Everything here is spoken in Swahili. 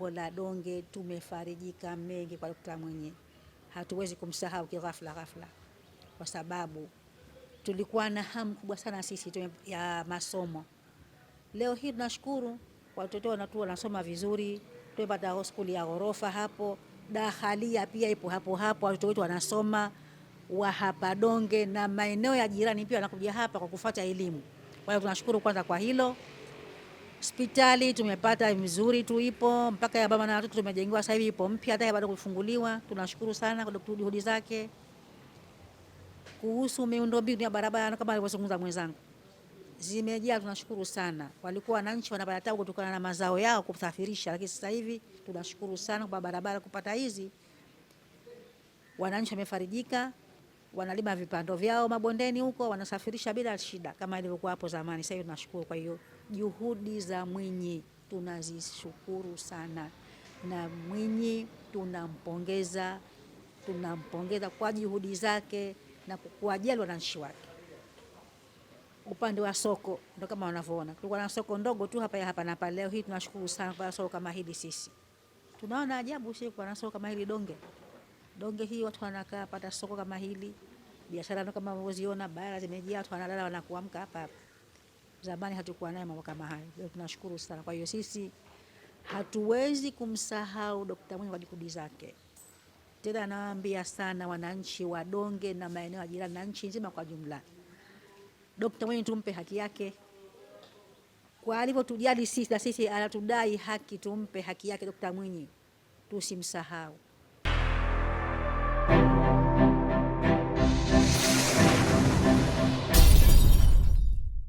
jimbo la Donge tumefarijika mengi kwa Dokta Mwinyi. Hatuwezi kumsahau kighafla ghafla, kwa sababu tulikuwa na hamu kubwa sana sisi ya masomo. Leo hii tunashukuru watoto wanatu wanasoma vizuri, tumepata skuli ya ghorofa hapo, dahalia pia ipo hapo hapo, watoto wetu wanasoma wa hapa Donge na maeneo ya jirani pia wanakuja hapa kwa kufuata elimu. Kwa hiyo tunashukuru kwanza kwa hilo. Hospitali tumepata mzuri tu, ipo mpaka ya baba na watoto tumejengiwa, sasa hivi ipo mpya, hata bado kufunguliwa. Tunashukuru sana kwa juhudi zake. Kuhusu miundombinu ya barabara kama alivyozungumza mwenzangu, zimejaa, tunashukuru sana. Walikuwa wananchi wanapata tabu kutokana na mazao yao kusafirisha, lakini sasa hivi tunashukuru sana kwa barabara kupata hizi, wananchi wamefarijika wanalima vipando vyao mabondeni huko, wanasafirisha bila shida kama ilivyokuwa hapo zamani. Sasa hivi tunashukuru. Kwa hiyo juhudi za Mwinyi tunazishukuru sana, na Mwinyi tunampongeza, tunampongeza kwa juhudi zake na kuwajali wananchi wake. Upande wa soko ndo kama wanavyoona, tulikuwa na soko ndogo tu hapa hapa na pale. Leo hii tunashukuru sana kwa soko kama hili, sisi tunaona ajabu, sio kwa soko kama hili Donge donge hii, watu wanakaa pata soko kama hili, biashara kama mnaziona, bara zimejaa, watu wanalala wanakuamka hapa hapa. Zamani hatukuwa nayo mambo kama hayo, tunashukuru sana. Kwa hiyo sisi hatuwezi kumsahau Dokta Mwinyi kwa juhudi zake. Tena nawaambia sana wananchi wa Donge na maeneo ya jirani na nchi nzima kwa jumla, Dokta Mwinyi tumpe haki yake kwa alivyotujali sisi, na sisi anatudai haki, tumpe haki yake Dokta Mwinyi, tusimsahau.